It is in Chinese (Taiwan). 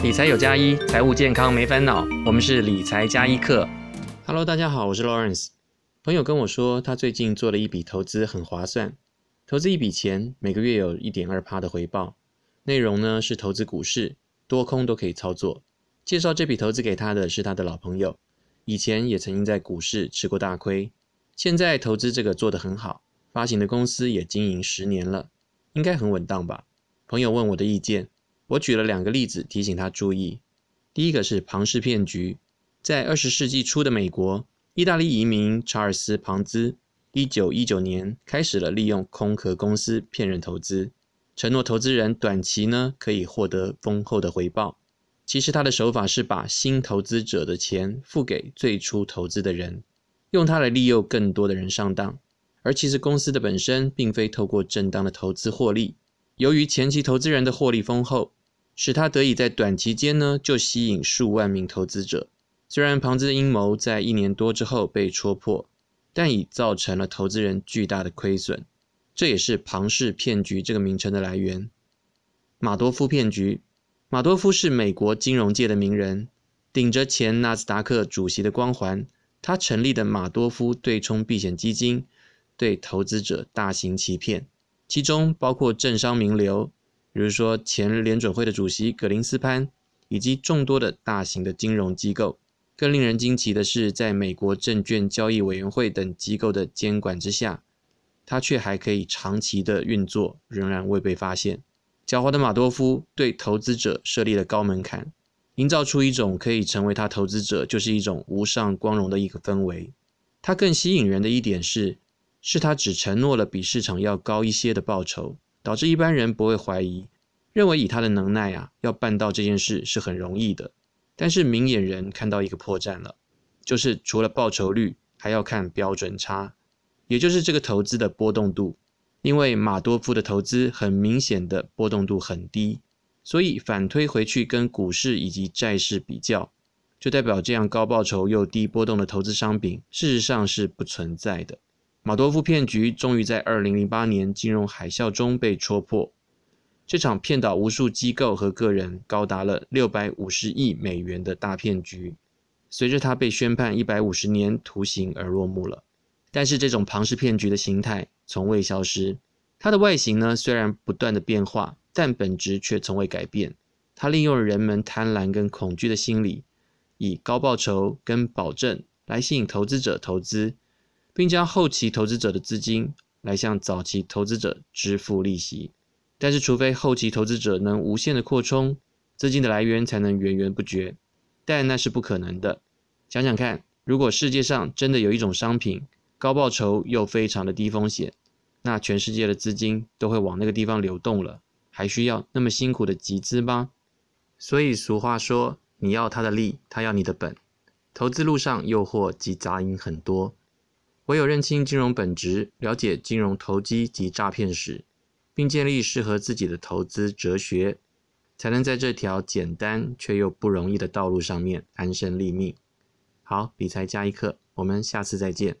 理財有加一，財務健康沒煩惱。我們是理財加一課。Hello，大家好，我是 Lawrence。朋友跟我說，他最近做了一筆投資，很划算。投資一筆錢，每個月有一點二趴的回報。內容呢是投資股市，多空都可以操作。介紹這筆投資給他的是他的老朋友，以前也曾經在股市吃過大虧，現在投資這個做得很好，發行的公司也經營十年了，應該很穩當吧？朋友問我的意見。我舉了兩個例子提醒他注意，第一個是龐氏騙局，在二十世紀初的美國，意大利移民查爾斯·龐茲，一九一九年開始了利用空殼公司騙人投資，承諾投資人短期呢可以獲得豐厚的回報。其實他的手法是把新投資者的錢付給最初投資的人，用它來利誘更多的人上當，而其實公司的本身並非透過正當的投資獲利。由於前期投資人的獲利豐厚，使他得以在短期間呢就吸引數萬名投資者。雖然龐茲的陰謀在一年多之後被戳破，但已造成了投資人巨大的虧損，這也是“龐氏騙局”這個名稱的來源。馬多夫騙局，馬多夫是美國金融界的名人，頂着前納斯達克主席的光環，他成立的馬多夫對沖避險基金對投資者大行欺騙，其中包括政商名流。比如說，前聯準會的主席格林斯潘，以及眾多的大型的金融機構。更令人驚奇的是，在美國證券交易委員會等機構的監管之下，他卻還可以長期的運作，仍然未被發現。狡猾的馬多夫對投資者設立了高門檻，營造出一種可以成為他投資者就是一種無上光榮的一個氛圍。他更吸引人的一點是，是他只承諾了比市場要高一些的報酬。導致一般人不會懷疑，認為以他的能耐啊，要辦到這件事是很容易的。但是明眼人看到一個破綻了，就是除了報酬率，還要看標準差，也就是這個投資的波動度。因為馬多夫的投資很明顯的波動度很低，所以反推回去跟股市以及債市比較，就代表這樣高報酬又低波動的投資商品，事實上是不存在的。馬多夫騙局終於在2008年金融海嘯中被戳破，這場騙倒無數機構和個人高達了650億美元的大騙局，隨着他被宣判150年徒刑而落幕了。但是這種龐氏騙局的形態從未消失，它的外形呢，雖然不斷的變化，但本質卻從未改變。它利用了人們貪婪跟恐懼的心理，以高報酬跟保證來吸引投資者投資。並將後期投資者的資金來向早期投資者支付利息，但是除非後期投資者能無限的擴充，資金的來源才能源源不絕，但那是不可能的。想想看，如果世界上真的有一種商品，高報酬又非常的低風險，那全世界的資金都會往那個地方流動了，還需要那麼辛苦的集資嗎？所以俗話說，你要他的利，他要你的本。投資路上誘惑及雜音很多。唯有認清金融本質，了解金融投機及詐騙史，並建立適合自己的投資哲學，才能在這條簡單卻又不容易的道路上面安身立命。好，理財加一課，我們下次再見。